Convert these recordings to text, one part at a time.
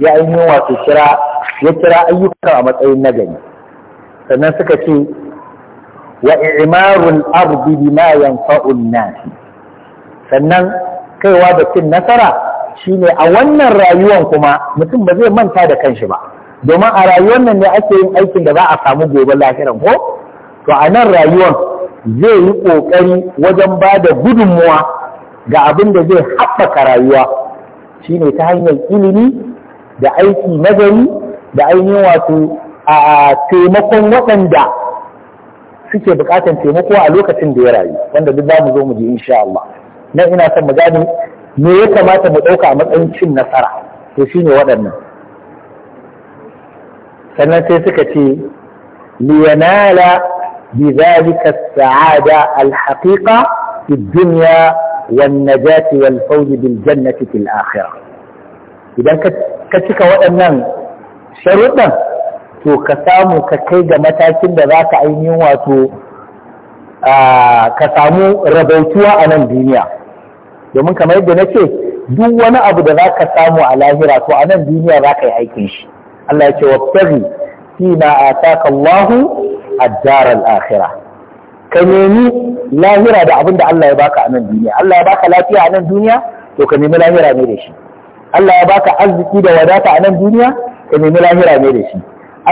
ya yi wato kira ya kira ayyuka a matsayin nagari sannan suka ce wa imarul ardi bima yanfa'un nas sannan kaiwa da cin nasara shine a wannan rayuwan kuma mutum ba zai manta da kanshi ba domin a rayuwar nan ne ake yin aikin da za a samu gobe lahiran ko to a nan rayuwan zai yi kokari wajen ba da gudunmuwa ga abin da zai haɓaka rayuwa shine ta hanyar ilimi da aiki nagari da ainihin wato a taimakon waɗanda suke buƙatar taimako a lokacin da ya rayu wanda duk za mu zo mu je insha Allah nan ina son mu gane me ya kamata mu ɗauka a matsayin cin nasara to shine waɗannan sannan sai suka ce liyanala bi zalika sa'ada al fi dunya والنجاة والفوز بالجنة في الآخرة إذا كتك وأنن شرطا to ka samu ka kai ga matakin da za ka ainihin wato ka samu rabaituwa a nan duniya domin kamar yadda na ce duk wani abu da za ka samu a lahira to a nan duniya za ka yi aikin shi Allah ya ce wa fi na ataka Allahu ad-dar al-akhirah ka nemi lahira da abin da Allah ya baka a nan duniya Allah ya baka lafiya a nan duniya to ka nemi lahira ne da shi Allah ya baka arziki da wadata a nan duniya ka nemi lahira ne da shi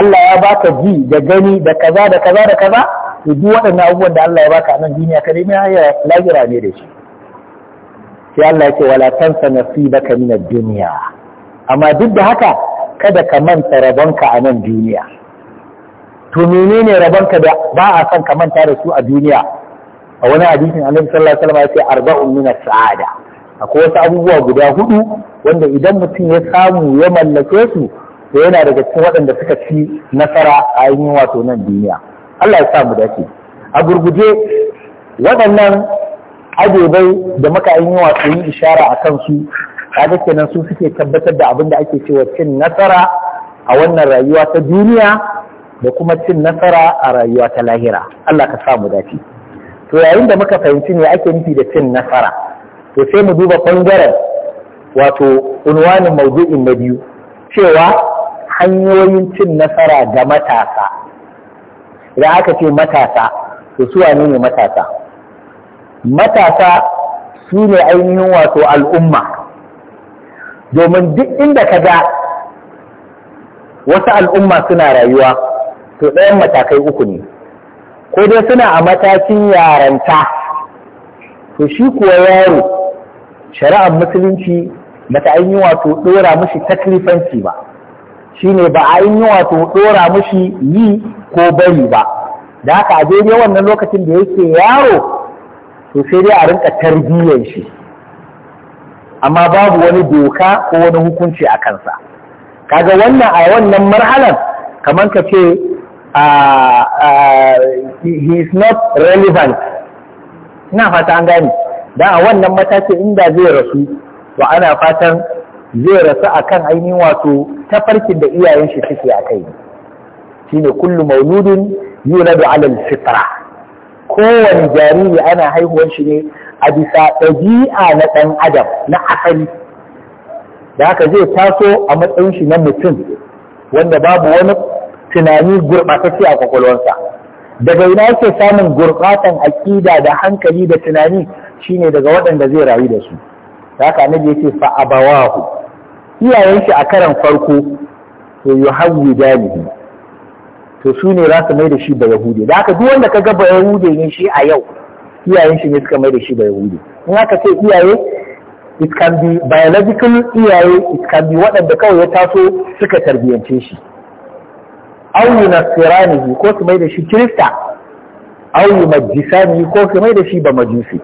Allah ya baka ji da gani da kaza da kaza da kaza to duk waɗannan abubuwan da Allah ya baka a nan duniya ka nemi lahira ne da shi sai Allah ya ce wala tansa nasibaka min ad-dunya amma duk da haka kada ka manta rabonka a nan duniya to menene rabonka da ba a son ka manta da su a duniya a wani hadisin annabi sallallahu alaihi wasallam ya ce arba'un min as-sa'ada akwai wasu abubuwa guda hudu wanda idan mutum ya samu ya mallake su to yana daga cikin waɗanda suka ci nasara a ainihin wato nan duniya Allah ya sa mu dace a gurguje waɗannan ajebai da muka ainihin wato yi ishara a kan su kaga kenan su suke tabbatar da abin da ake cewa cin nasara a wannan rayuwa ta duniya da kuma cin nasara a rayuwa ta lahira Allah ka samu dace to yayin da muka fahimci ne ake nufi da cin nasara to sai mu duba bangaren wato unwanin maudu'in na biyu cewa hanyoyin cin nasara ga matasa idan aka ce matasa to su wane ne matasa matasa su ne ainihin wato al'umma domin duk inda ka ga wasu al'umma suna rayuwa to ɗayan matakai uku ne ko dai suna a matakin yaranta to shi kuwa yaro shari'ar musulunci bata an yi wato ɗora mushi taklifanci ba shi ne ba a yi wato ɗora mushi yi ko bari ba da haka a daidai wannan lokacin da yake yaro to sai dai a rinka tarbiyyar shi amma babu wani doka ko wani hukunci a kansa kaga wannan a wannan marhalan kamar ka ce uh, uh, he is not relevant ina fata an gani da a wannan matakin inda zai rasu to ana fatan zai rasu akan ainihin wato tafarkin da iyayen shi suke a kai shine kullu mauludin yuladu alal alfitra kowane jariri ana haihuwar shi ne a bisa ɗabi'a na ɗan adam na asali da haka zai taso a matsayin shi na mutum wanda babu wani tunani gurɓatacce a kwakwalwarsa daga ina yake samun gurɓatan aƙida da hankali da tunani shine daga waɗanda zai rayu da su haka annabi yake fa abawahu iyayen shi a karan farko to yuhawwidanihi to su ne za su mai da shi ba yahudi da haka duk wanda ka ga ba yahudi ne shi a yau iyayen shi ne suka mai da shi ba yahudi in aka ce iyaye it can be biological iyaye it can be waɗanda kawai ya taso suka tarbiyyance shi au yunasiranihi ko su mai da shi kirista au yumajjisanihi ko su mai da shi ba majisi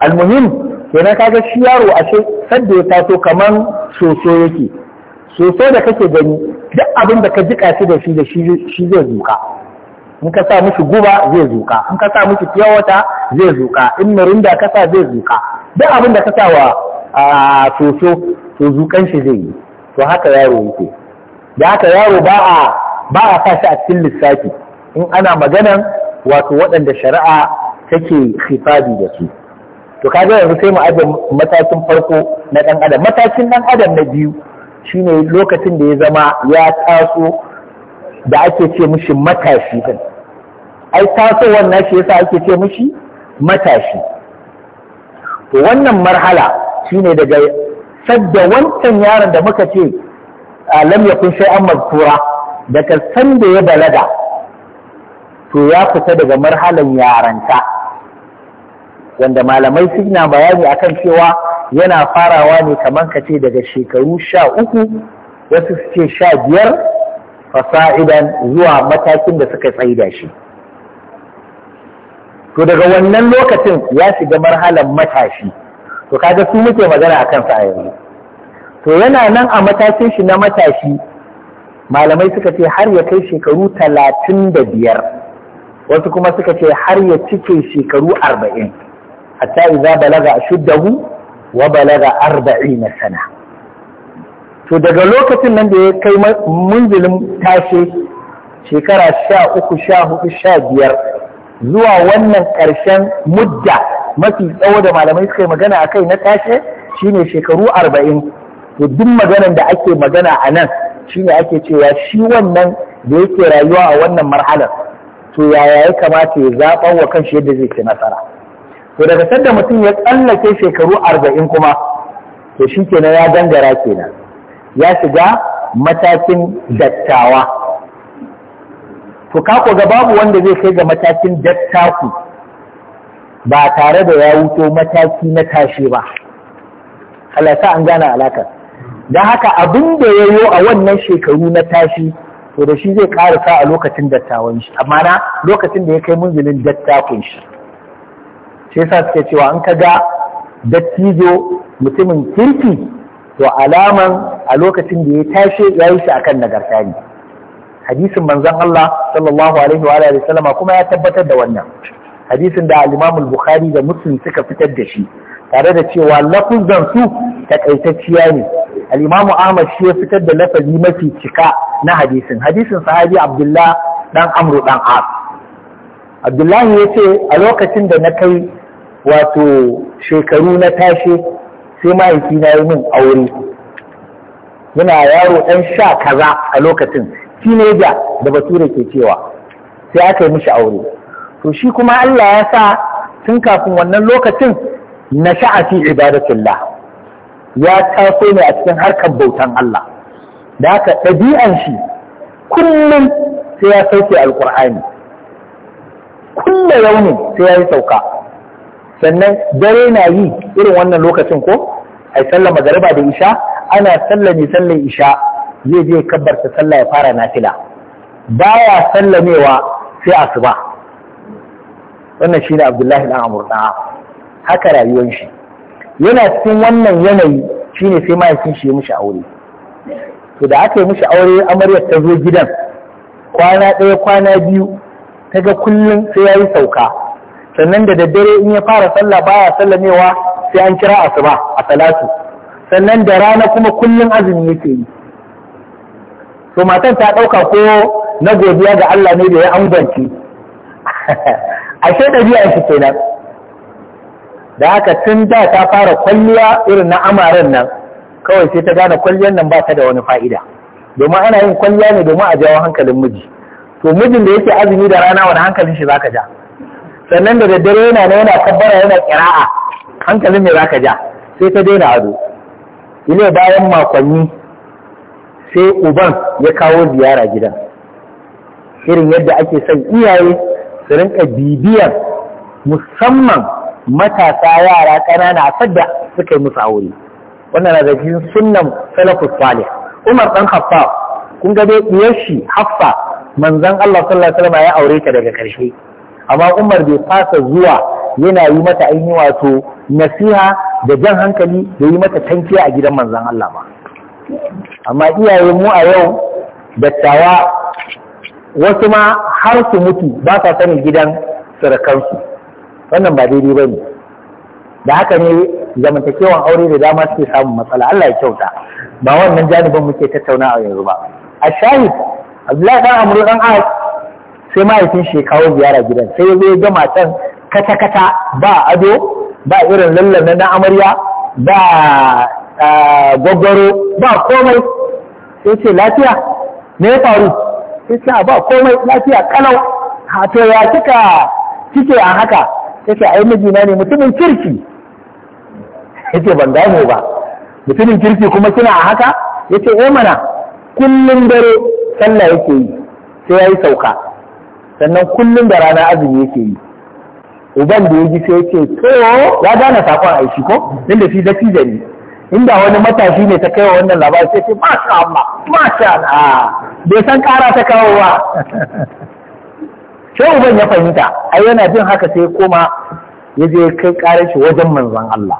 almuhim kenan kaga shi yaro a ce sadda ya taso kamar soso yake soso da kake gani duk abin da ka ji shi da shi da shi zai zuka in ka sa mushi guba zai zuka in ka sa mishi fiyawata zai zuka in murinda, ka sa zai zuka duk abin da ka sa wa soso to zukan shi zai yi to haka yaro yake da haka yaro ba a ba a sa shi a cikin lissafi in ana maganan wato waɗanda shari'a take hifabi da su to kaga yanzu sai mu aje matakin farko na ɗan adam matakin ɗan adam na biyu shine lokacin da ya zama ya taso da ake ce mishi matashi din ai tasowar nashi yasa ake ce mishi matashi to wannan marhala shine daga sadda wancan yaron da muka ce lam yakun shay'an mazkura daga san da ya balaga to ya fita daga marhalan yaranta wanda malamai suna bayani akan cewa yana farawa ne kamar ka ce daga shekaru sha uku wasu suke ce sha biyar fasa'idan zuwa matakin da suka tsaida shi to daga wannan lokacin ya shiga marhalan matashi to kaga su muke magana akan sa a yanzu to yana nan a matakin shi na matashi malamai suka ce har ya kai shekaru talatin da biyar wasu kuma suka ce har ya cike shekaru arba'in hatta idza balaga ashuddahu wa balaga na sana to daga lokacin nan da ya kai munzilin tashe shekara sha uku sha hudu sha biyar zuwa wannan ƙarshen mudda mafi tsawo da malamai suka yi magana a kai na tashe shine shekaru arba'in to duk maganan da ake magana a nan shine ake cewa shi wannan da yake rayuwa a wannan marhalar to yaya ya kamata ya zaɓa wa kanshi yadda zai ce nasara to daga sanda mutum ya tsallake shekaru arba'in kuma to shi kenan ya gangara kenan ya shiga matakin dattawa to kako ga babu wanda zai kai ga matakin dattaku ba tare da ya wuto mataki na tashi ba Allah an gane alakar da haka abin da ya yi a wannan shekaru na tashi to da shi zai karasa a lokacin dattawan shi amma na lokacin da ya kai munzilin dattakun shi shi sa suke cewa an ka ga dattijo mutumin kirki to alaman a lokacin da ya tashi ya yi shi akan nagarta ne hadisin manzon Allah sallallahu alaihi wa alihi kuma ya tabbatar da wannan hadisin da al-Imam bukhari da Muslim suka fitar da shi tare da cewa lafuzan su takaitacciya ne al-imamu ahmad shi ya fitar da lafazi mafi cika na hadisin hadisin sahabi abdullah dan amru dan as abdullahi ya ce a lokacin da na kai wato shekaru na tashe sai mahaifi na yi min aure yana yaro ɗan sha kaza a lokacin teenager da bature ke cewa sai aka yi mishi aure to shi kuma Allah ya sa tun kafin wannan lokacin na sha'afi ibadatullah ya taso ne a cikin harkar bautan Allah da haka ɗabi'an shi kullum sai ya sauke alkur'ani kulle yaunin sai ya yi sauka sannan dare na yi irin wannan lokacin ko ai sallar magariba da isha ana ne sallar isha zai je kabbarta sallah ya fara nafila baya sallamewa sai asuba wannan shine Abdullahi dan Amurda, haka rayuwar shi yana cikin wannan yanayi Shi ne sai mahaifin shi ya mishi aure to da aka yi mishi aure amaryar ta zo gidan kwana ɗaya kwana biyu ta ga kullum sai ya yi sauka sannan da daddare in ya fara sallah ba ya sallamewa sai an kira asuba a salatu sannan da rana kuma kullum azumi yake yi to matan ta ɗauka ko na godiya ga Allah ne da ya angwance ashe ɗabi'a shi kenan da haka tun da ta fara kwalliya irin na amaren nan kawai sai ta gane kwalliyar nan ba ta da wani fa'ida domin ana yin kwalliya ne domin a jawo hankalin miji to mijin da yake azumi da rana wani hankalin shi zaka ja sannan da daddare yana na yana kabbara yana kira'a hankalin me zaka ja sai ta daina ado ile bayan makonni sai uban ya kawo ziyara gidan irin yadda ake son iyaye su rinka bibiyar musamman matasa yara ƙanana a sadda suka yi musu aure wannan na zafi sunan salafus salih umar ɗan haffa kun ga dai diyar shi haffa manzon Allah sallallahu alaihi wasallam ya aure ta daga ƙarshe. amma umar bai fasa zuwa yana yi mata ainihin wato nasiha da jan hankali da yi mata tankiya a gidan manzon Allah ba amma iyaye mu a yau dattawa wasu ma har su mutu ba sa sanin gidan surukansu wannan ba daidai ba ne da haka ne zamantakewan aure da dama suke samun matsala Allah ya kyauta ba wannan janibin muke tattauna a yanzu ba a shahid Abdullahi dan Amr dan Ahad sai mahaifin shi kawo ziyara gidan sai ya ga matan kata kata ba ado ba irin lallan na amarya ba gwaggwaro ba komai sai ce lafiya me ya faru sai ce ba komai lafiya kalau ha to ya kika kike a haka yace ai mijina ne mutumin kirki Yake ban gano ba mutumin kirki kuma kina a haka yace eh mana kullum dare sallah yake yi sai yayi sauka sannan kullum da rana azumi yake yi uban da ya ji sai yace to ya gane sakon aiki ko inda shi da ne inda wani matashi ne ta kaiwa wannan labarin? sai ce masha Allah masha Allah bai san kara ta kawo ba sai uban ya fahimta ai yana jin haka sai koma ya je kai karar shi wajen manzon Allah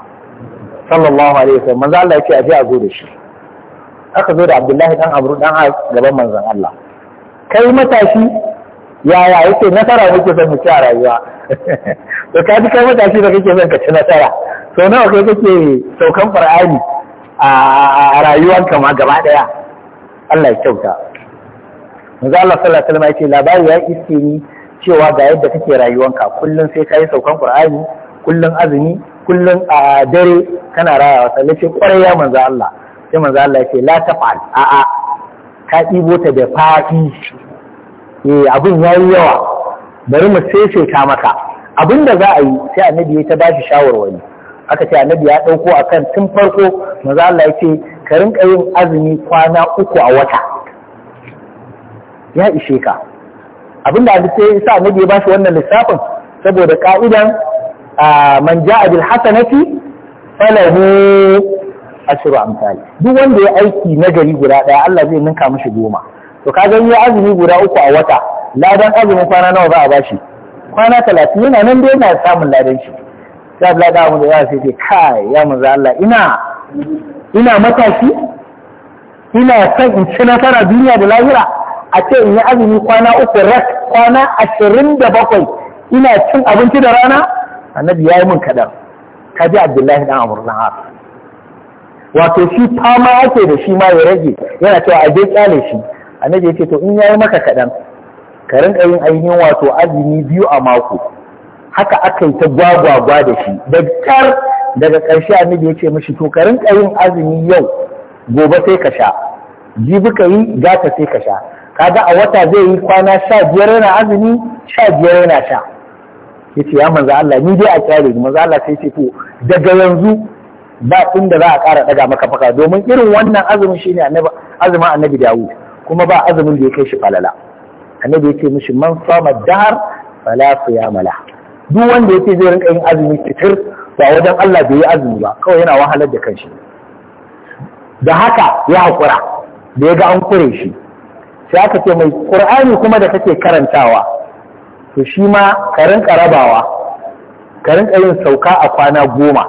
sallallahu alaihi wasallam manzon Allah ya ce a a zo da shi aka zo da Abdullahi dan Amru dan a gaban manzon Allah kai matashi yaya yake nasara muke son mu a rayuwa to ka ji kai matashi da kake son ka ci nasara to nawa kai kake saukan far'ani a rayuwanka ma gaba daya Allah ya kyauta manzo Allah sallallahu alaihi wasallam ya ce labari ya iske ni cewa ga yadda kake rayuwanka kullum sai ka yi saukan qur'ani kullum azumi kullum a dare kana rayawa sai ce kwarai ya manzo Allah sai manzo Allah ce la tafal a a ka ɗibo ta da fafi eh abin yayi yawa bari mu sai ta maka abin da za a yi sai annabi ya ta bashi shawarwari aka ce annabi ya ɗauko a kan tun farko maza Allah ya ce ka rinka yin azumi kwana uku a wata ya ishe ka abinda da sai sa annabi ya bashi wannan lissafin saboda ka'idan man ja'a bil hasanati falahu ashru amsal duk wanda ya aiki nagari guda daya Allah zai ninka mishi goma to ka gani azumi guda uku a wata ladan azumin kwana nawa za a bashi kwana talatin yana nan dai yana samun ladan shi sai Allah da mu da ya ce kai ya manzo Allah ina ina matashi ina son in ci nasara duniya da lahira a ce in yi azumi kwana uku rak kwana ashirin da bakwai ina cin abinci da rana annabi ya yi min kaɗan ka ji abdullahi dan amur na haka wato shi fama yake da shi ma ya rage yana cewa a je kyale shi annabi ya ce to in ya yi maka kaɗan ka rinka yin ainihin wato azumi biyu a mako haka aka yi ta gwagwagwa da shi da kyar daga ƙarshe annabi ya ce mashi to ka rinka yin azumi yau gobe sai ka sha jibi ka yi gata sai ka sha kaga a wata zai yi kwana sha biyar yana azumi sha biyar yana sha ya ce ya manzo Allah ni dai a kyale ni manzo Allah sai ce to daga yanzu ba da za a ƙara daga maka faka domin irin wannan azumin shi ne azumin annabi Dawud kuma ba azumin da ya kai shi falala annabi ya ce mishi man sama dahar fala ya mala. duk wanda ya ce zai rinka yin azumi fitir ba wajen Allah bai yi azumi ba kawai yana wahalar da kanshi da haka ya haƙura da ya ga an kure shi sai aka ce mai ƙur'ani kuma da kake karantawa to shi ma ka rinka rabawa ka sauka a kwana goma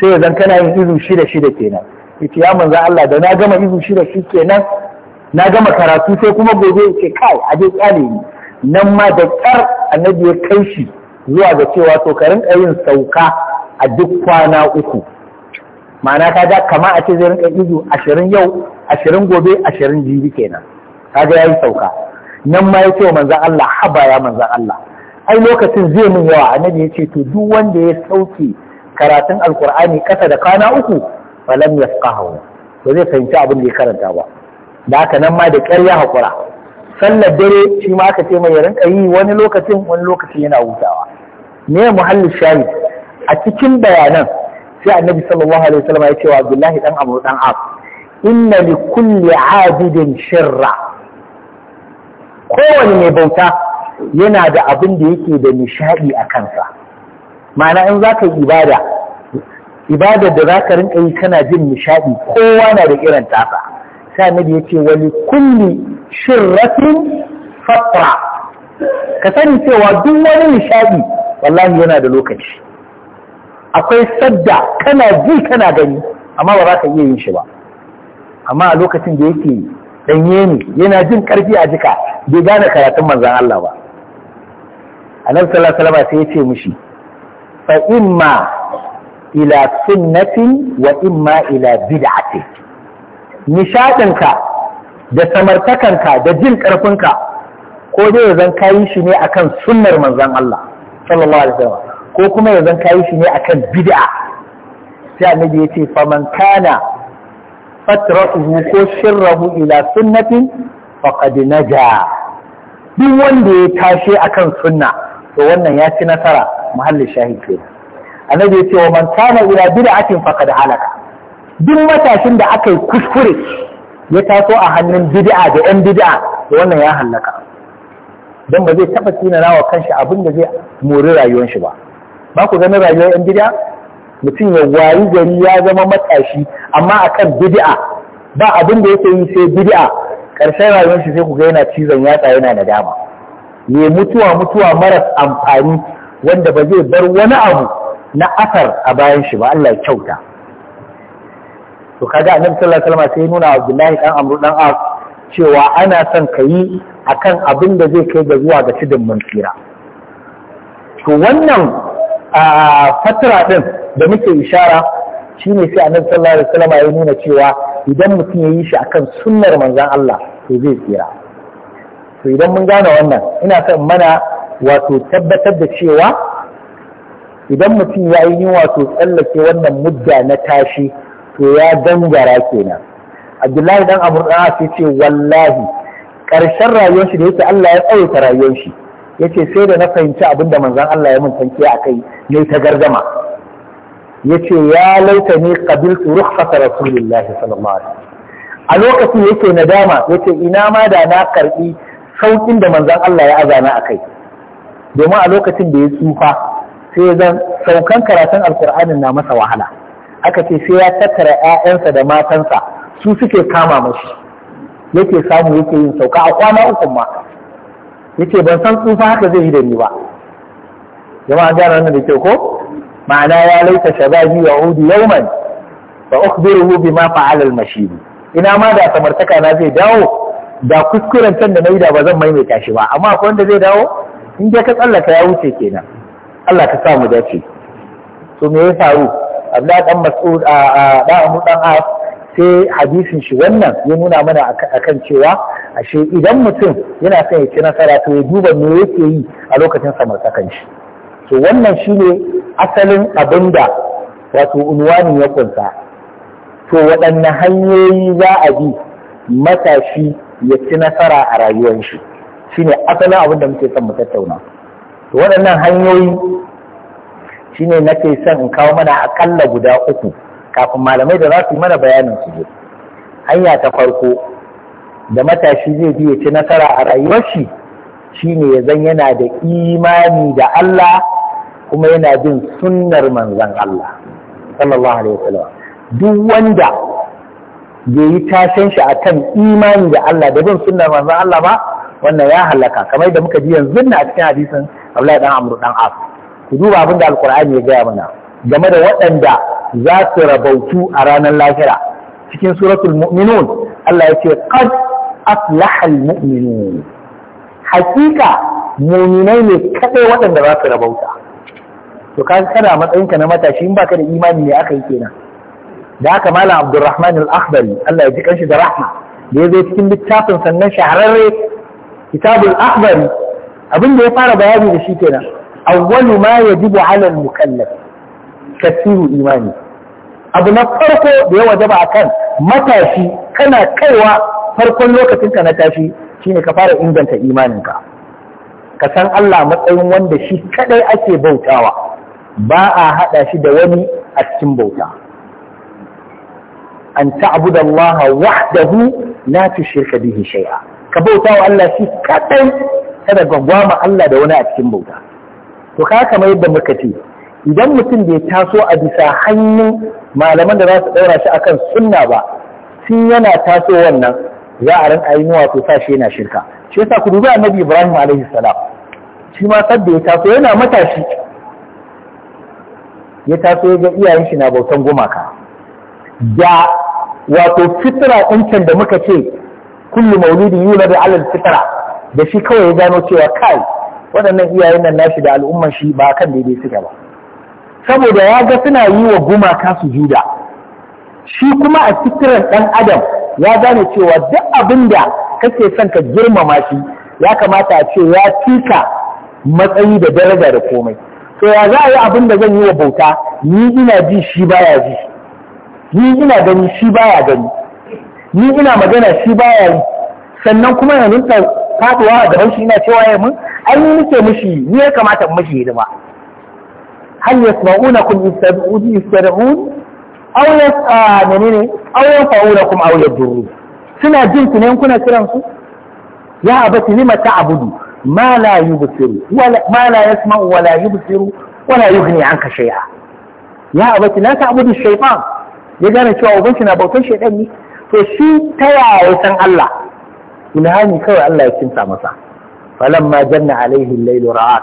sai ya zan kana yin izu shida shida kenan ita ya manza Allah da na gama izu shida shi kenan na gama karatu sai kuma gobe ce kai a dai kyale ni nan ma da kyar annabi ya kai shi zuwa ga cewa to ka rinka yin sauka a duk kwana uku ma'ana ta ga kama a ce zai rinka izu ashirin yau ashirin gobe ashirin jibi kenan kaga yi sauka nan ma yace wa manzan Allah haba ya manzon Allah ai lokacin zai mun yawa annabi yace to duk wanda ya sauke karatun alkur'ani kasa da kana uku falam yafqahu ba zai fahimci abin da ya karanta ba da haka nan ma da ƙyar ya haƙura sallar dare shi ma aka ce mai ya rinka yi wani lokacin wani lokacin yana hutawa me muhallin shahid a cikin bayanan sai annabi sallallahu alaihi wasallam ya ce wa abdullahi dan abu dan af inna li kulli abidin shirra kowane mai bauta yana da abin da yake da nishadi a kansa ma'ana in za ka yi ibada ibada da za ka rinka yi kana jin nishadi kowa na da irin tasa sai da ya ce wani kulli shirrafin fatra ka sani cewa duk wani nishadi wallahi yana da lokaci akwai sadda kana ji kana gani amma ba za ka iya yin shi ba amma a lokacin da yake danye ne yana jin karfi a jika bai gane karatun manzan Allah ba annabi sallallahu alaihi wasallam sai ya ce mishi fa imma ila sunnatin wa imma ila bid'ati nishadinka da samartakanka da jin karfinka ko dai zan kayi shi ne akan sunnar manzan Allah sallallahu alaihi wasallam ko kuma zan kayi shi ne akan bid'a sai annabi ya ce faman kana fatratuhu ko shirrahu ila sunnatin faqad naja duk wanda ya tashi akan sunna to wannan ya ci nasara muhallin shahid ke annabi yace ce wa man kana ila bid'atin faqad halaka duk matashin da aka yi kuskure ya taso a hannun bid'a da yan bid'a to wannan ya halaka don ba zai taba tsina nawa kanshi abin da zai mori rayuwar shi ba ba ku ganin rayuwar yan bid'a mutum ya wayi gari ya zama matashi amma akan bidi'a ba abin da yake yi sai bidi'a ƙarshen rayuwar shi sai ku ga yana cizon yatsa yana nadama ne mutuwa mutuwa maras amfani wanda ba zai bar wani abu na asar a bayan shi ba Allah ya kyauta to kaga annabi sallallahu alaihi wasallam sai nuna Abdullahi dan Amru dan As cewa ana son ka yi akan abin da zai kai ga zuwa ga tudun mun tsira to wannan a fatira ɗin da muke ishara shine sai annabi sallallahu alaihi wasallam ya nuna cewa idan mutum ya yi shi akan sunnar manzon Allah to zai tsira to idan mun gane wannan ina son mana wato tabbatar da cewa idan mutum ya yi wato tsallake wannan mudda na tashi to ya gangara kenan abdullahi dan amurda sai ce wallahi ƙarshen rayuwar shi da yake Allah ya tsawaita rayuwar shi yace sai da na fahimci abin da Allah ya mun tanke akai ne ta gargama yace ya laita ni qabiltu ruhsata rasulullahi sallallahu alaihi a lokacin yake nadama yace ina ma da na karɓi saukin da manzon Allah ya azana akai domin a lokacin da ya tsufa sai zan saukan karatun alkur'anin na masa wahala aka ce sai ya tattara 'ya'yansa da matansa su suke kama mashi yake samu yake yin sauka a kwana uku ma yace ban san tsufa haka zai yi da ni ba jama'a gyara wannan da ke ko ma'ana ya laita shababi wa hudu yawman fa ukhbiruhu bi ma al mashiru ina ma da samartaka na zai dawo da kuskuren can da na yi da ba zan maimaita shi ba amma akwai wanda zai dawo in dai ka tsallaka ya wuce kenan Allah ka sa mu dace to me ya faru Abdullahi dan Mas'ud a da Abu dan As sai hadisin shi wannan ya nuna mana akan cewa ashe idan mutum yana son ya ci nasara to ya duba me yake yi a lokacin samartakan shi to wannan shine asalin abin da wato unwani ya kunsa to waɗanne hanyoyi za a bi matashi ya ci nasara a rayuwar shi shine asalin abin da muke son mu tattauna to waɗannan hanyoyi shine nake son in kawo mana akalla guda uku kafin malamai da za su yi mana bayanin su hanya ta farko da matashi zai bi ya ci nasara a rayuwar shi shine ya zan yana da imani da Allah kuma yana bin sunnar manzon Allah sallallahu alaihi wasallam duk wanda bai yi tashin shi akan imani da Allah da bin sunnar manzon Allah ba wannan ya halaka kamar da muka ji yanzu na a cikin hadisin Abdullahi dan Amr dan As ku duba abin da Alqur'ani ya gaya mana game da waɗanda za su rabautu a ranar lahira cikin suratul mu'minun Allah ya ce qad aflaha almu'minun hakika mu'minai ne kadai waɗanda za su rabauta to ka kana matsayin ka na matashi in baka da imani ne aka yi kenan da haka malam Abdulrahman al-Akhdari Allah ya ji kanshi da rahma da ya zo cikin littafin sannan shahararre kitabul akhbari abin da ya fara bayani da shi kenan awwalu ma yajibu ala al-mukallaf kasiru imani abu na farko da ya wajaba akan matashi kana kaiwa farkon lokacin ka na tashi shine ka fara inganta imaninka ka san Allah matsayin wanda shi kadai ake bautawa ba a hada shi da wani a cikin bauta an ta'budu Allah wahdahu la tushrika bihi shay'a ka bautawa Allah shi kadai kada gwagwama Allah da wani a cikin bauta to ka kamar yadda muka ce idan mutum bai taso a bisa hannun malaman da za su ɗaura shi akan sunna ba sun yana taso wannan za a rinka yi wato sa shi yana shirka shi yasa ku dubi annabi Ibrahim alaihi salam shi ma sadda ya taso yana matashi ya taso ya ga iyayen shi na bautan gumaka da wato fitra ɗinkin da muka ce kullu maulidi yula da alal fitra da shi kawai ya gano cewa kai waɗannan iyayen nan nashi da al'umman shi ba kan daidai suke ba saboda ya ga suna yi wa gumaka juda shi kuma a fitiran ɗan adam ya gane cewa duk abin da kake son ka girmama shi ya kamata a ce ya fika matsayi da daraja da komai to ya za a yi abin da zan yi wa bauta ni ina ji shi baya ji ni ina gani shi baya gani ni ina magana shi baya yi sannan kuma yanzu ta faɗuwa da haushi ina cewa ya mun an yi nike mushi ni ya kamata mashi hidima hal yasma'unakum yastad'un aw yas menene aw yanfa'unakum aw yadurru suna jin ku ne kuna kiran su ya abati lima ta'budu ma la yubsiru wala ma la yasma'u wala yubsiru wala yughni anka shay'a ya abati la ta'budu shaytan ya gane cewa uban shi na bautar shaytan to shi ta yaya san Allah ilhami kawai Allah ya kinsa masa falamma janna alaihi al-lailu ra'a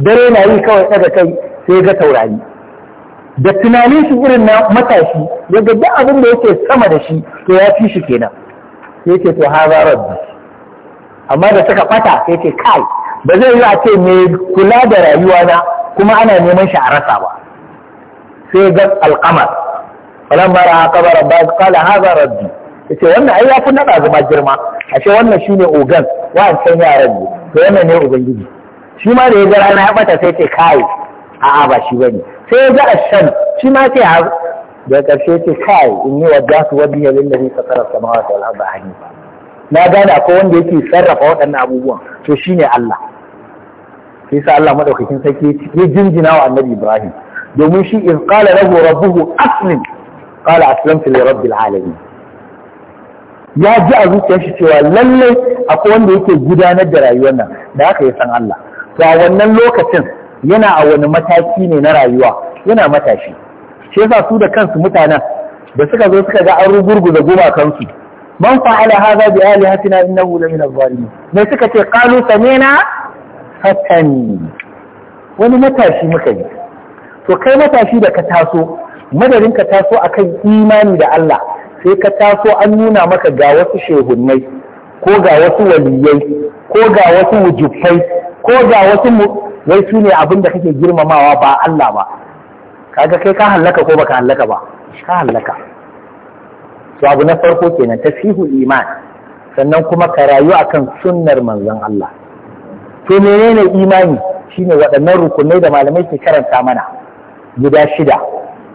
dare na yi kawai ɗaga kai sai ga taurari da tunanin shi irin na matashi ya ga abin da yake sama da shi to ya fi shi kenan sai ce to haza rabbi amma da suka fata sai ce kai ba zai yi a ce me kula da rayuwa na kuma ana neman shi a rasa ba sai ga alqamar falamma ra'a qabara ba qala haza rabbi ce wannan ai ya fi naɗa zama girma ashe wannan shi ne ogan wa'ancan yaran ne to wannan ne ubangiji shi ma da ya ga rana ya bata sai ce kai a'a ba shi bane sai ya ga ashan shi ma sai ya da karshe ce kai in yi wadda su wadda ya lilla zai fasara samawa ta al'abba hanifa na gane akwai wanda yake sarrafa waɗannan abubuwan to ne Allah sai sa Allah madaukakin sarki ya jinjina wa annabi Ibrahim domin shi in qala lahu rabbuhu aslim qala aslamtu li rabbil alamin ya ji a zuciyar shi cewa lalle akwai wanda yake gudanar da rayuwar nan da haka ya san Allah ga wannan lokacin yana a wani mataki ne na rayuwa yana matashi shi yasa su da kansu mutanen da suka zo suka ga an da rugurguza kansu, man fa ala hadha bi alihatina innahu la min adh zalimin ne suka ce qalu samina fatan wani matashi muka yi to kai matashi da ka taso madadin ka taso akan imani da Allah sai ka taso an nuna maka ga wasu shehunnai ko ga wasu waliyai ko ga wasu wujufai ko da wasu mu wai su ne abin da kake girmamawa ba Allah ba kaga kai ka hallaka ko baka hallaka ba ka hallaka to abu na farko kenan tasihul iman sannan kuma ka rayu akan sunnar manzon Allah to menene imani shine waɗannan rukunai da malamai ke karanta mana guda shida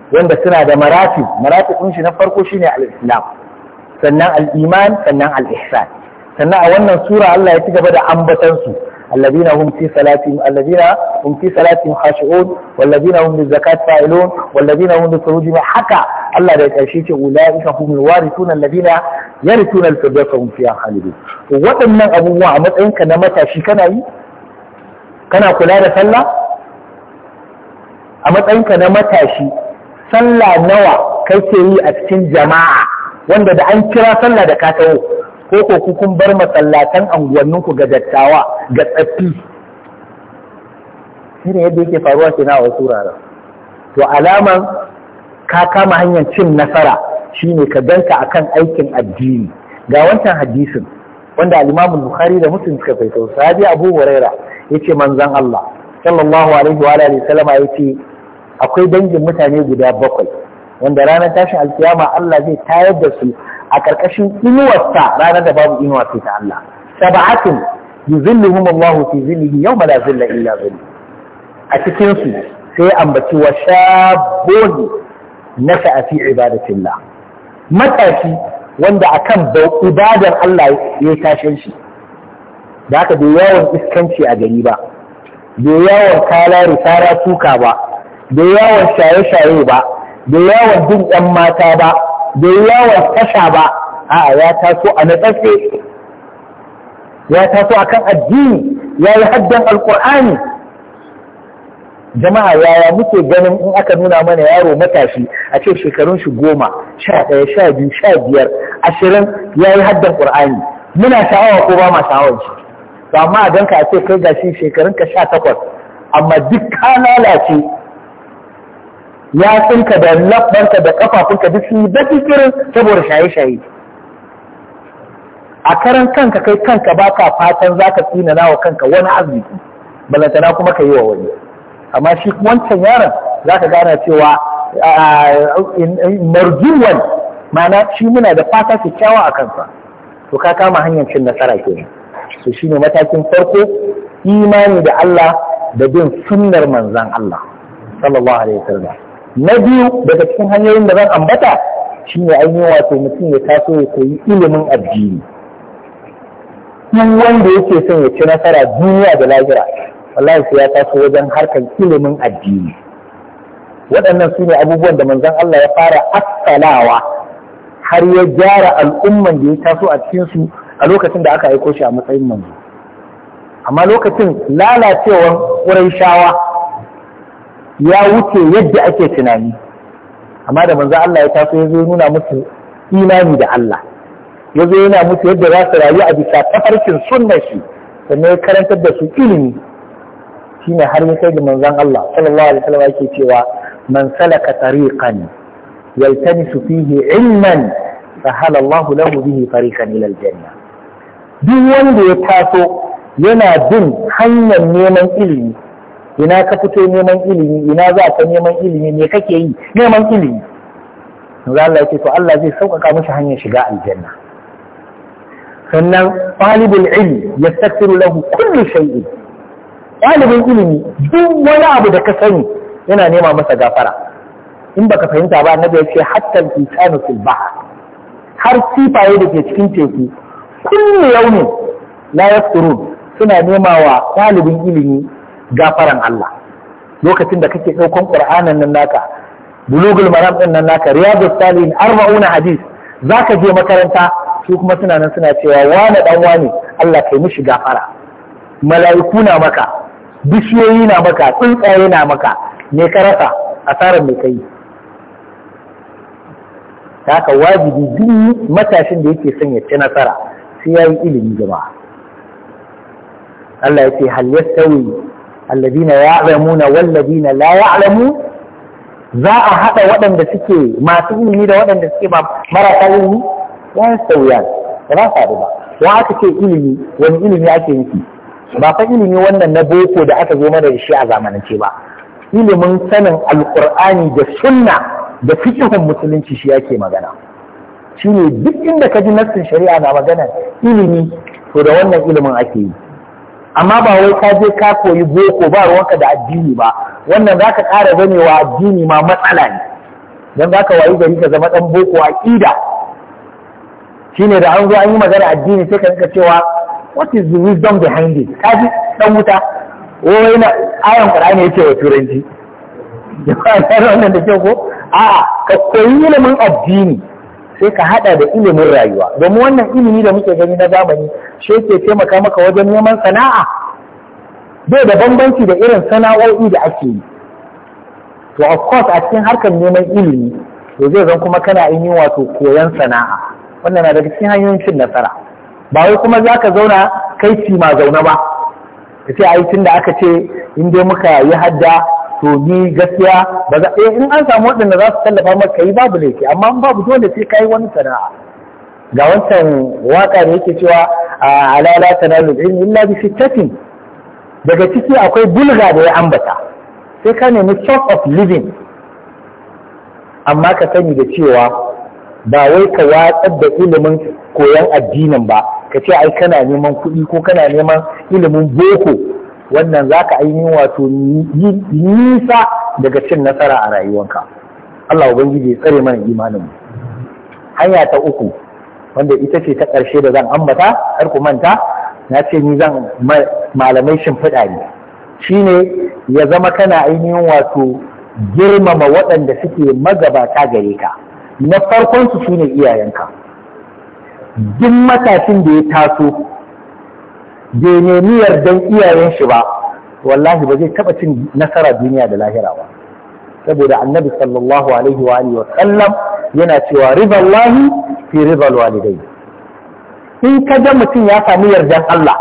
wanda suna da marafi marafi ɗin shi na farko shine al-islam sannan al-iman sannan al-ihsan sannan a wannan sura Allah ya ci gaba da ambatansu الذين هم في صلاتهم الذين هم في صلاتهم خاشعون والذين هم للزكاة فاعلون والذين هم لفروجهم حكى الله da ƙarshe ce ulaika humul warithun alladina yarithuna al-firdausa hum fiha khalidun waɗannan abubuwa a matsayinka na matashi kana yi kana kula da sallah a matsayinka na matashi sallah nawa ke yi a cikin jama'a wanda da an kira sallah da ka ko ko kun bar masallatan anguwannin ku ga dattawa ga tsaffi shine yadda yake faruwa ke na wasu wuraren to alaman ka kama hanyar cin nasara shine ka danka akan aikin addini ga wancan hadisin wanda al-Imam Bukhari da Muslim suka faito sahabi Abu Huraira yace manzon Allah sallallahu alaihi wa alihi sallama yace akwai dangin mutane guda bakwai wanda ranar tashin alkiyama Allah zai tayar da su a ƙarƙashin inuwarsa ranar da babu inuwa sai ta Allah saba'atin yuzilluhum Allah fi zillihi yawma la zilla illa zillu a cikin su sai ambaci wa shabun nasa fi ibadatillah Mataki wanda akan ibadar Allah ya tashin shi da haka bai yawon iskanci a gari ba bai yawon kalari tara tuka ba bai yawon shaye-shaye ba bai yawon bin 'yan mata ba bai yawon tasha ba a'a ya taso a natsatse ya taso a kan addini ya yi haddan alkur'ani jama'a yaya muke ganin in aka nuna mana yaro matashi a ce shekarun shi goma sha ɗaya sha biyu sha biyar ashirin ya yi haddan ƙur'ani muna sha'awa ko ba ma sha'awar shi ma a ganka a ce kai gashi shekarun ka sha takwas amma duk ka lalace yatsunka da labbanka da kafafunka duk sun yi baki kirin saboda shaye-shaye a karan kanka kai kanka ba ka fatan za ka tsinana wa kanka wani arziki balantana kuma ka yi wa wani amma shi wancan yaron za ka gana cewa marjuwan mana shi muna da fata kyakkyawa a kansa to ka kama hanyar cin nasara kenan shi shine matakin farko imani da Allah da bin sunnar manzan Allah sallallahu alaihi wasallam na biyu daga cikin hanyoyin da zan ambata shine ainihin wato mutum ya taso ya koyi ilimin addini duk wanda yake son ya ci nasara duniya da lahira wallahi sai ya taso wajen harkar ilimin addini waɗannan su ne abubuwan da manzon Allah ya fara assalawa har ya gyara al'umman da ya taso a cikin su a lokacin da aka aiko shi a matsayin manzo amma lokacin lalacewar shawa. ya wuce yadda ake tunani amma da manzo Allah ya taso ya zo nuna musu imani da Allah ya zo yana musu yadda za su rayu a bisa tafarkin sunnar shi sannan ya karantar da su ilimi shine har ya kai manzon Allah sallallahu alaihi wasallam yake cewa man salaka tariqan yaltamisu fihi ilman sahala Allah lahu bihi tariqan ila aljanna duk wanda ya taso yana bin hanyar neman ilimi ina ka fito neman ilimi ina za ka neman ilimi me kake yi neman ilimi za Allah yake to Allah zai sauƙaƙa mishi hanyar shiga aljanna sannan ɗalibul ilmi yastaghfiru lahu kullu shay'in ɗalibin ilimi duk wani abu da ka sani yana nema masa gafara in baka fahimta ba annabi ya ce hatta al-insanu fil bahr har kifaye da ke cikin teku kullu yawmin la yafturun suna nema wa ɗalibin ilimi gafaran Allah lokacin da kake ɗaukan ƙur'anin nan naka bulugul maram ɗin nan naka riyadus salihin arba'una hadis zaka je makaranta su kuma suna nan suna cewa wane dan wane Allah kai mishi gafara mala'iku na maka bishiyoyi na maka tsuntsaye na maka me ka rasa asarar mai kai ta haka wajibi duk matashin da yake son ya ci nasara sai yayi ilimi jama'a Allah ya ce hal yastawi alladina na walladina la ya'lamu za a haɗa waɗanda suke masu ilimi da waɗanda suke marasa ilimi ya sauya ba za su ba wa aka ce ilimi wani ilimi ake nufi ba fa ilimi wannan na boko da aka zo mana da shi a zamanance ba ilimin sanin alkur'ani da sunna da fikihun musulunci shi yake magana shine duk inda ka ji nassin shari'a na magana ilimi to da wannan ilimin ake yi amma ba wai ka je ka koyi boko ba ruwanka da addini ba wannan za ka ƙara wa addini ma matsala ne don za ka wayi gari ka zama ɗan boko a ƙida shi ne da an zo an yi magana addini sai ka rinka cewa what is the wisdom behind it ka ji ɗan wuta wai na ayon ƙar'ani yake wa turanci da wannan da kyau ko a'a ka koyi ilimin addini sai ka hada da ilimin rayuwa domin wannan ilimi da muke gani na zamani shi yake taimaka maka wajen neman sana'a bai da bambanci da irin sana'o'i da ake yi to of course a cikin harkar neman ilimi to zai zan kuma kana yin wato koyon sana'a wannan na daga cikin hanyoyin cin nasara ba wai kuma za ka zauna kai ci ma zaune ba ka ce yi tun da aka ce in dai muka yi hadda to ni gaskiya ba za eh in an samu waɗanda za su tallafa maka yi babu laifi amma babu dole sai kai wani sana'a ga wancan waka ne yake cewa ala la tanalu ilmi illa bi fitatin. daga ciki akwai bulga da ya ambata sai ka nemi shop of living amma ka sani da cewa ba wai ka watsar da ilimin koyon addinin ba ka ce ai kana neman kuɗi ko kana neman ilimin boko wannan za ka ainihin wato nisa daga cin nasara a rayuwanka Allah ubangiji ya tsare mana imanin mu hanya ta uku wanda ita ce ta ƙarshe da zan ambata har ku manta na ce ni zan malamai shimfiɗa ne shi ne ya zama kana ainihin wato girmama waɗanda suke magabata gare ka na farkonsu su shine iyayenka duk matashin da ya taso bai nemi yardan iyayen shi ba wallahi ba zai taba cin nasara duniya da lahira ba saboda annabi sallallahu alaihi wa alihi wa sallam yana cewa ridallahi fi ridal walidai in ka ga mutum ya sami yardan Allah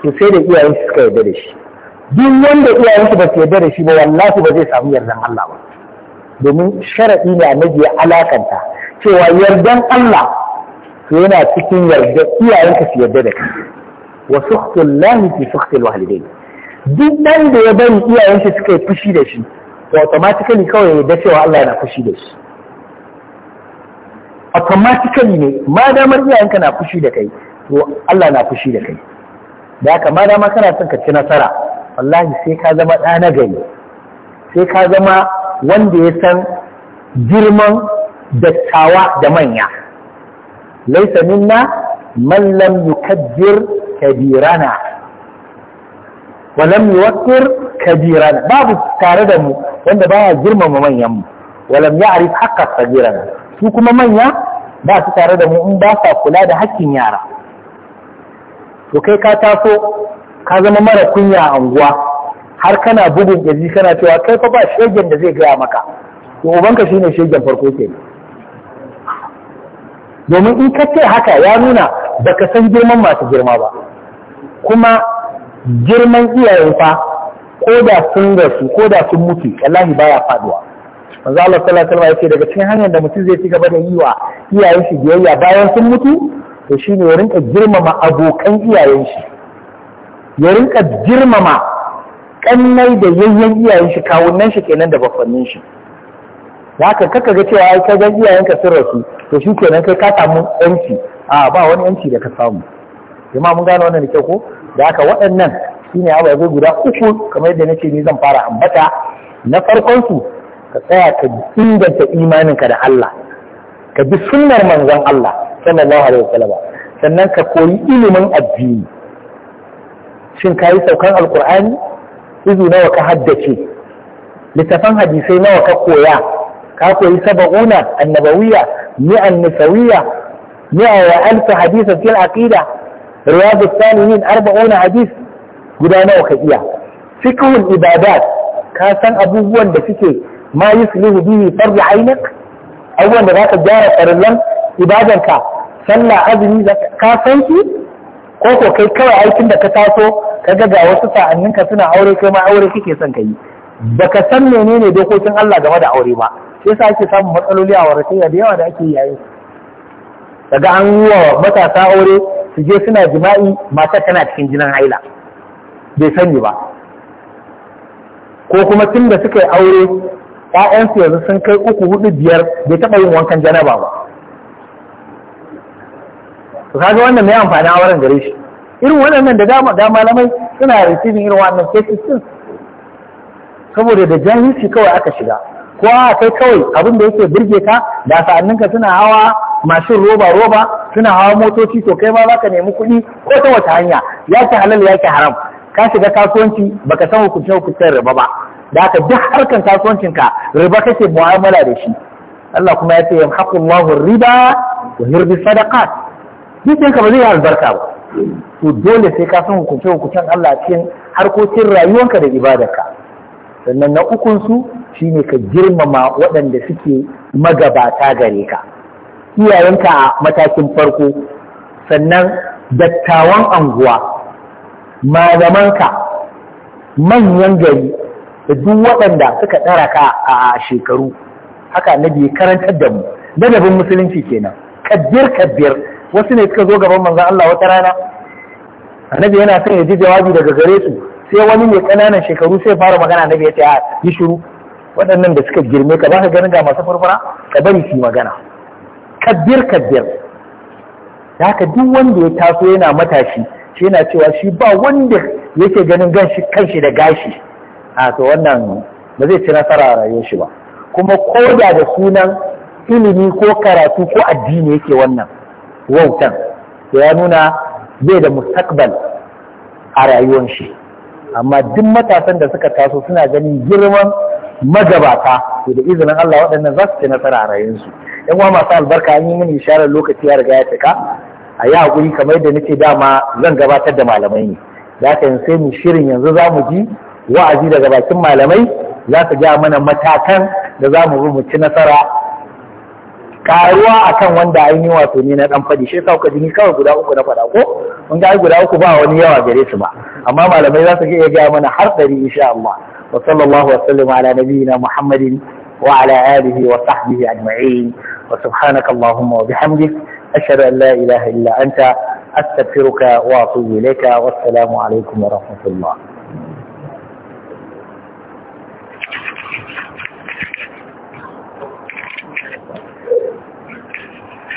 to sai da iyayen shi suka yarda da shi duk wanda iyayen shi ba su yarda da shi ba wallahi ba zai samu yardan Allah ba domin sharadi ne annabi ya alakanta cewa yardan Allah to yana cikin yarda iyayen ka su yarda da kai wa sukhtul lahi fi sukhtil walidain duk dan da ya bari iyayen shi suka yi fushi da shi to automatically kawai ya da cewa Allah yana fushi da shi automatically ne ma damar iyayenka na fushi da kai to Allah na fushi da kai da haka ma dama kana son ka ci nasara wallahi sai ka zama ɗa na gari sai ka zama wanda ya san girman dattawa da manya laisa minna man lam yukabbir kabirana walam yuwaqqir kabirana babu tare da mu wanda baya girmama manyan mu walam ari haqqas kabirana su kuma manya ba su tare da mu in ba sa kula da hakkin yara to kai ka taso ka zama mara kunya a unguwa har kana bugun kirji kana cewa kai fa da zai gaya maka to ubanka shine shegen farko kenan domin in ka ce haka ya nuna baka san girman masu girma ba kuma girman iyayen fa ko da sun rasu ko da sun mutu ba ya faduwa manzo Allah sallallahu alaihi wasallam daga cikin hanyar da mutum zai ci gaba da yi wa iyayen shi biyayya bayan sun mutu to shine ya rinka girmama abokan iyayen shi ya rinka girmama kannai da yayyan iyayen shi kawunan shi kenan da bakwannin shi zaka kaka ga cewa ai ka ga iyayenka sun rasu to shi kenan kai ka samu yanci a ba wani yanci da ka samu Jama mun gane wannan kyau ko da haka waɗannan shine zai guda uku kamar yadda nake ni zan fara ambata na farkon su ka tsaya ka inganta imaninka da Allah ka bi sunnar manzon Allah sallallahu alaihi wasallam sannan ka koyi ilimin addini shin ka yi saukan alkur'ani izu nawa ka haddace littafan hadisai nawa ka koya ka koyi saba'una annabawiya mi'an nisawiya mi'a wa alfa hadisa fil aqida riyadu salihin arba'una hadis guda nawa ka iya fiqhul ibadat ka san abubuwan da suke ma yuslihu bihi fardu ainak abubuwan da zaka gyara farillan ibadanka sallah azumi ka san shi ko ko kai kawai aikin da ka taso kaga ga wasu sa'anninka suna aure kai ma aure kake son ka yi baka san menene dokokin Allah game da aure ba shi ake samun matsaloli a warakaiya da yawa da ake yayin daga an yi wa matasa aure su je suna jima'i matar tana cikin jinin haila bai sani ba ko kuma tun da suka yi aure ‘ya'yansu yanzu sun kai uku hudu biyar bai taɓa yin wankan janaba ba su kaga wannan mai amfani a wurin gare shi irin waɗannan da dama da malamai suna receiving irin wannan cases din saboda da jahilci kawai aka shiga ko kai kawai abin da yake burge ka da sa'anninka suna hawa mashin roba roba suna hawa motoci to kai ma ka nemi kuɗi ko ta wata hanya Ya yake halal yake haram ka shiga kasuwanci baka san hukuncin hukuncen riba ba da haka duk harkan kasuwancinka riba kake mu'amala da shi Allah kuma ya ce haƙƙin Allahu riba wa hirbi sadaqat duk ka ba zai albarka ba to dole sai ka san hukuncin hukuncen Allah cikin harkokin rayuwanka da ibadarka sannan na ukunsu shine ka girmama waɗanda suke magabata gare ka iyayenka a matakin farko sannan dattawan anguwa ka, manyan gari da duk waɗanda suka ɗara ka a shekaru haka na biyu karantar da mu ladabin musulunci kenan kabbir kabbir wasu ne suka zo gaban manzon Allah wata rana annabi yana son ya ji jawabi daga gare su sai wani mai ƙananan shekaru sai fara magana na bai ta yi shiru waɗannan da suka girme ka ba ka ganin ga masu farfara ka bari su magana kabbir kabbir da haka duk wanda ya taso yana matashi shi yana cewa shi ba wanda yake ganin ganshi kanshi da gashi a to wannan ba zai ci nasara a rayuwar shi ba kuma ko da sunan ilimi ko karatu ko addini yake wannan wautan ya nuna zai da mustaqbal a rayuwar shi amma duk matasan da suka taso suna ganin girman magabata to da izinin Allah waɗannan za su ci nasara a rayuwarsu yan uwa masu albarka an yi mini isharar lokaci ya riga ya cika a yi hakuri kamar yadda nake dama zan gabatar da malamai ne da haka yanzu sai mu shirin yanzu za mu ji wa'azi daga bakin malamai za su ja mana matakan da za mu bi mu ci nasara karuwa akan wanda ainihin wato ne na dan fadi shi sauka jini kawai guda uku na fada ko mun ga guda uku ba wani yawa gare su ba amma malamai za su iya ga mana har dari insha Allah wa sallallahu wa sallam ala nabiyyina Muhammadin wa ala alihi wa sahbihi ajma'in wa subhanaka allahumma wa bihamdik ashhadu an la ilaha illa anta astaghfiruka wa atubu ilayka wassalamu alaikum wa rahmatullah